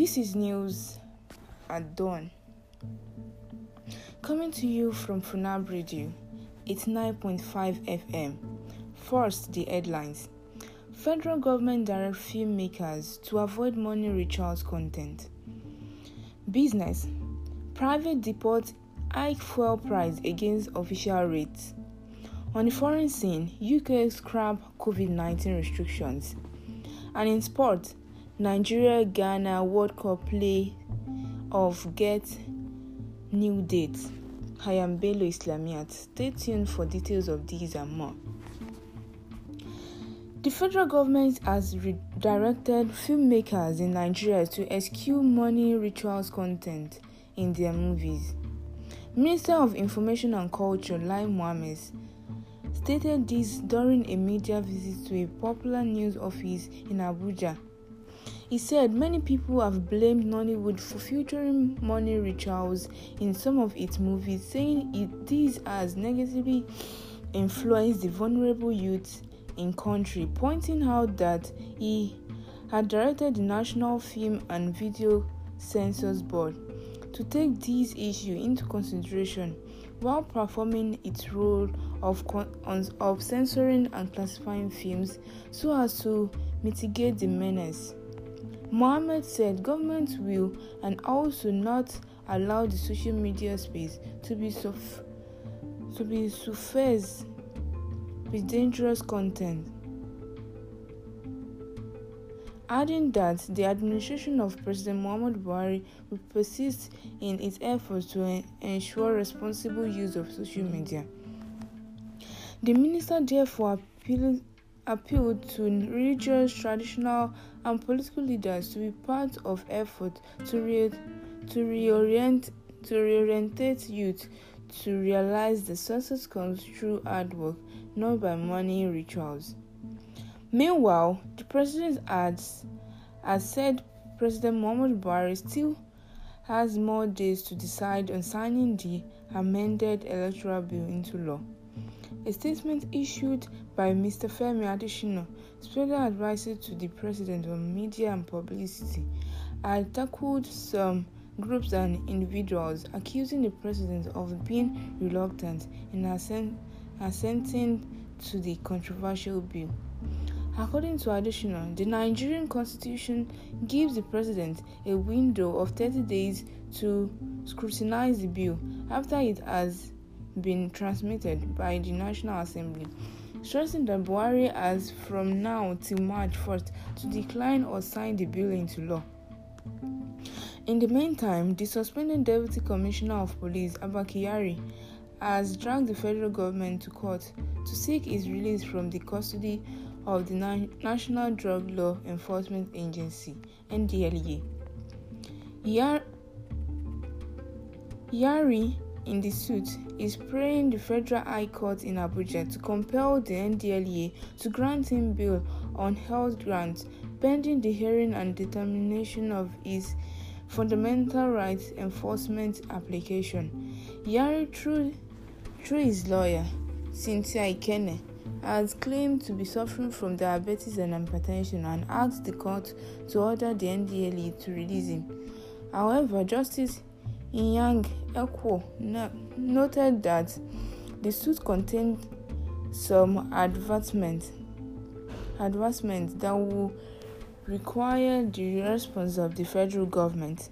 This is news at dawn. Coming to you from Funab Radio, it's 9.5 FM. First, the headlines. Federal government directs filmmakers to avoid money rituals content. Business. Private deports hike fuel price against official rates. On the foreign scene, UK scrap COVID 19 restrictions. And in sport, Nigeria Ghana World Cup play of get new date. I am Belo Islamiat. Stay tuned for details of these and more. The federal government has redirected filmmakers in Nigeria to eschew money rituals content in their movies. Minister of Information and Culture Lai Mohammed stated this during a media visit to a popular news office in Abuja he said many people have blamed Nollywood for featuring money rituals in some of its movies, saying it this has negatively influenced the vulnerable youth in country, pointing out that he had directed the National Film and Video Censors Board to take this issue into consideration while performing its role of, of censoring and classifying films so as to mitigate the menace. Mohammed said governments will and also not allow the social media space to be suff- to be suffused with dangerous content. Adding that the administration of President Muhammad Buhari will persist in its efforts to en- ensure responsible use of social media. The minister therefore appealed appealed to religious, traditional, and political leaders to be part of efforts to, re- to reorient to reorientate youth to realize the success comes through hard work, not by money rituals. Meanwhile, the president adds, as said, President Muhammad Buhari still has more days to decide on signing the amended electoral bill into law. A statement issued by Mr. Femi Adishino, special advisor to the president on media and publicity, had tackled some groups and individuals accusing the president of being reluctant in assent- assenting to the controversial bill. According to Adishino, the Nigerian constitution gives the president a window of 30 days to scrutinize the bill after it has been transmitted by the National Assembly, stressing that Buhari has from now till March 1st to decline or sign the bill into law. In the meantime, the suspended Deputy Commissioner of Police, Abakiyari, has dragged the federal government to court to seek his release from the custody of the Na- National Drug Law Enforcement Agency (NDLEA). Yari in the suit is praying the Federal High Court in Abuja to compel the NDLEA to grant him bail on health grounds, pending the hearing and determination of his fundamental rights enforcement application. Yari, through, through his lawyer, Cynthia Ikene, has claimed to be suffering from diabetes and hypertension and asked the court to order the NDLEA to release him. However, Justice Yang Ekwo noted that the suit contained some advancements advancements that will require the response of the federal government.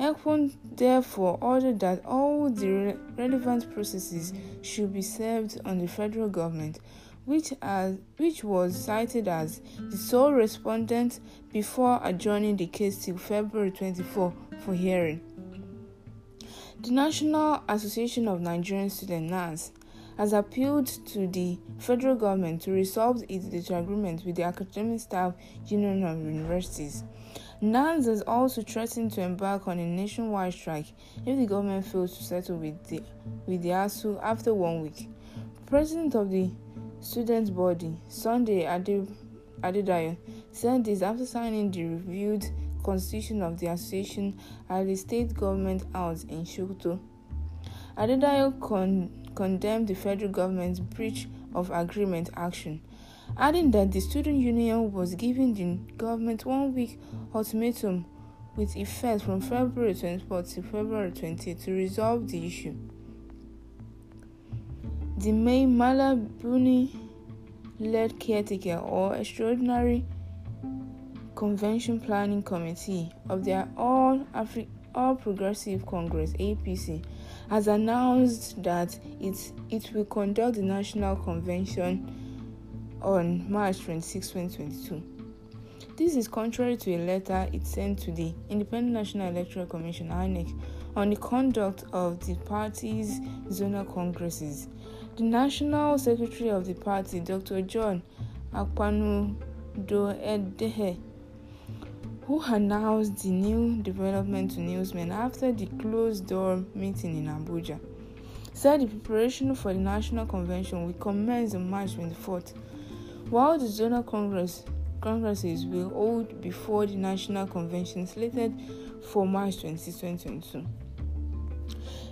ECPON therefore ordered that all the re- relevant processes should be served on the federal government, which, as, which was cited as the sole respondent before adjourning the case till February 24 for hearing. The National Association of Nigerian Students (NANS) has appealed to the federal government to resolve its disagreement with the Academic Staff Union of Universities. NANS has also threatened to embark on a nationwide strike if the government fails to settle with the with the ASU after one week. President of the student body, Sunday Adedayo, said this after signing the reviewed constitution of the association at the state government house in Sokoto. Adedayo con- condemned the federal government's breach of agreement action, adding that the student union was giving the government one week ultimatum with effect from February 24 to February 20 to resolve the issue. The May Malabuni led caretaker or extraordinary Convention Planning Committee of the All Afri- All Progressive Congress (APC) has announced that it it will conduct the national convention on March 26, 2022. This is contrary to a letter it sent to the Independent National Electoral Commission (INEC) on the conduct of the party's zonal congresses. The National Secretary of the party, Dr. John Akpanu Doedehe, who announced the new development to newsmen after the closed door meeting in Abuja, said the preparation for the national convention will commence on March 24th, while the zonal congress congresses will hold before the national convention slated for March 20, 2022.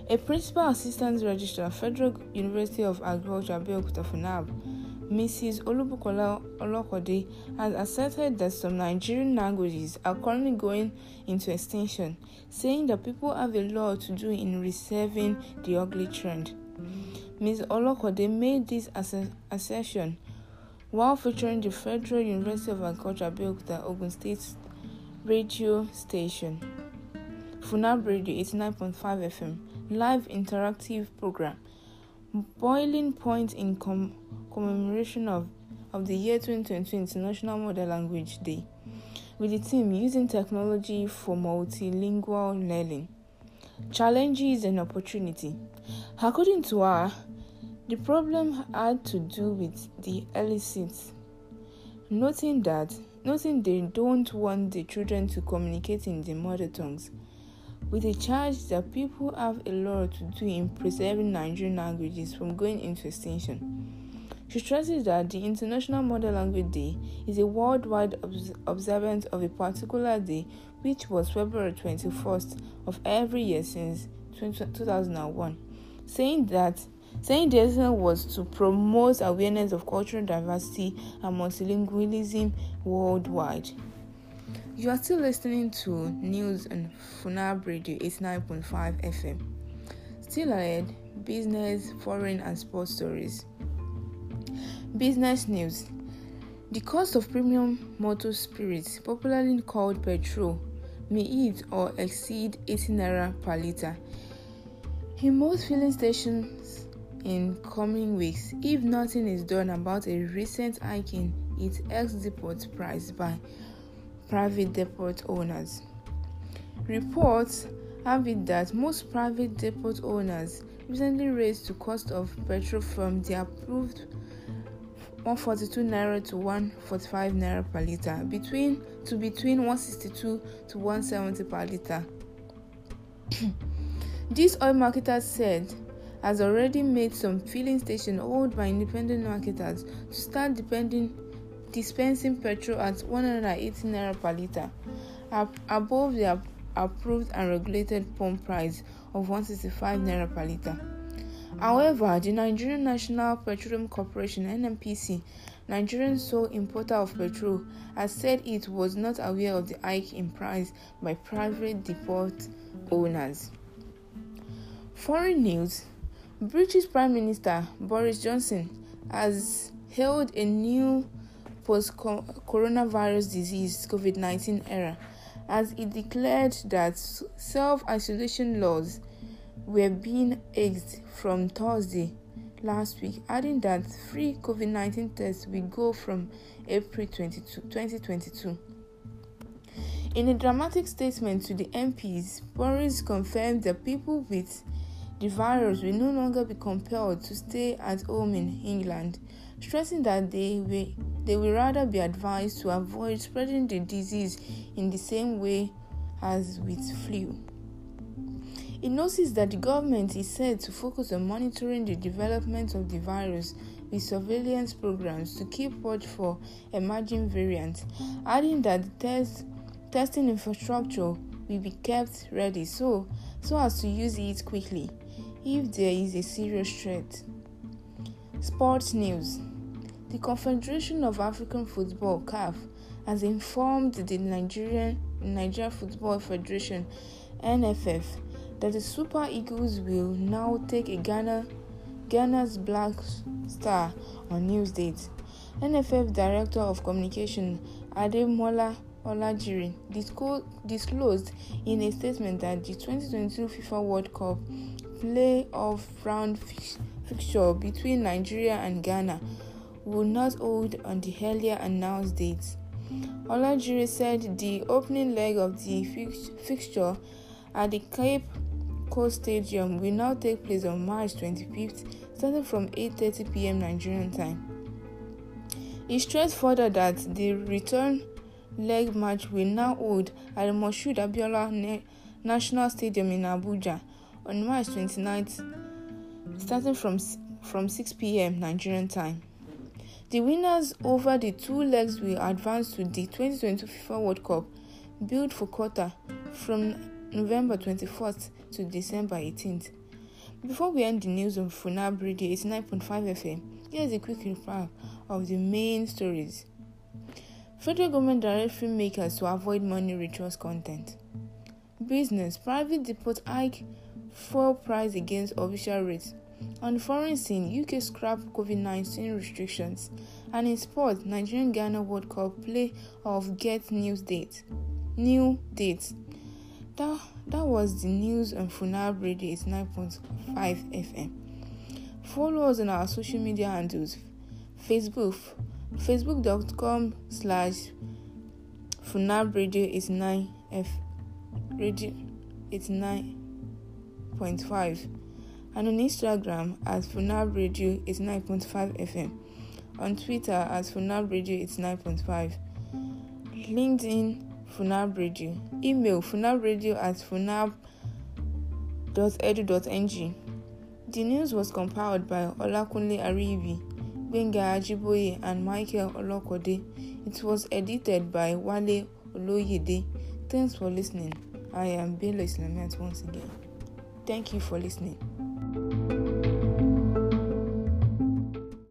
A principal assistant registrar, Federal University of Agriculture, Abeokuta FUNAB, Mrs. Olubukola Olokode has asserted that some Nigerian languages are currently going into extinction, saying that people have a lot to do in reserving the ugly trend. Ms. Olokode made this assertion while featuring the Federal University of Agriculture Abeokuta Ogun State radio station, Funab Radio 89.5 FM, live interactive program, Boiling Point in Com- commemoration of, of the year 2022 International Mother Language Day with the team using technology for multilingual learning. Challenges and opportunity. According to her, the problem had to do with the illicit, noting that noting they don't want the children to communicate in their mother tongues, with a charge that people have a lot to do in preserving Nigerian languages from going into extinction. She stresses that the International Mother Language Day is a worldwide obs- observance of a particular day, which was February 21st of every year since 2001, saying that saying the essence was to promote awareness of cultural diversity and multilingualism worldwide. You are still listening to news on Funab Radio 89.5 FM. Still ahead, business, foreign, and sports stories. Business news The cost of premium motor spirits, popularly called petrol, may eat or exceed 80 naira per litre in most filling stations in coming weeks if nothing is done about a recent hike in its ex depot price by private depot owners. Reports have it that most private depot owners recently raised the cost of petrol from the approved 142 naira to 145 naira per liter between to between 162 to 170 per liter this oil marketer said has already made some filling stations owned by independent marketers to start depending dispensing petrol at 180 naira per liter above the approved and regulated pump price of 165 naira per liter However, the Nigerian National Petroleum Corporation (NNPC), Nigerian sole importer of petrol, has said it was not aware of the hike in price by private depot owners. Foreign news: British Prime Minister Boris Johnson has hailed a new post-coronavirus disease (COVID-19) era as he declared that self-isolation laws were being eggs from Thursday last week, adding that free COVID 19 tests will go from April 22, 2022. In a dramatic statement to the MPs, Boris confirmed that people with the virus will no longer be compelled to stay at home in England, stressing that they will, they will rather be advised to avoid spreading the disease in the same way as with flu. He notices that the government is said to focus on monitoring the development of the virus with surveillance programs to keep watch for emerging variants, adding that the test, testing infrastructure will be kept ready so, so as to use it quickly if there is a serious threat. Sports news The Confederation of African Football (CAF) has informed the Nigerian Nigeria Football Federation (NFF) that the Super Eagles will now take a Ghana, Ghana's Black Star on date. NFF Director of Communication Ademola Olajiri disclosed in a statement that the 2022 FIFA World Cup playoff round fixture between Nigeria and Ghana will not hold on the earlier announced date. Olajiri said the opening leg of the fixture at the Cape Coast Stadium will now take place on March 25th, starting from 8:30 p.m. Nigerian time. It stressed further that the return leg match will now hold at the Moshood Abiola National Stadium in Abuja on March 29th, starting from, from 6 p.m. Nigerian time. The winners over the two legs will advance to the 2022 FIFA World Cup, built for Qatar from November 24th to December 18th. Before we end the news on Funab Radio 89.5 FM, here's a quick recap of the main stories. Federal government directs filmmakers to avoid money rituals content. Business private depot hike fuel price against official rates. On the foreign scene, UK scrap COVID 19 restrictions. And in sport, Nigerian Ghana World Cup play of get news date. New date. That, that was the news on Funab Radio nine point five FM. Follow us on our social media handles Facebook, facebook.com slash Funab Radio nine F Radio 89.5 and on Instagram as Funab Radio nine point five FM, on Twitter as Funab Radio nine point five, LinkedIn Funab Radio. Email Funab Radio at funab. edu. ng. The news was compiled by Olakunle Aribi, Benga Ajiboye, and Michael Olokode. It was edited by Wale Oloyede. Thanks for listening. I am Bello Islamiat once again. Thank you for listening.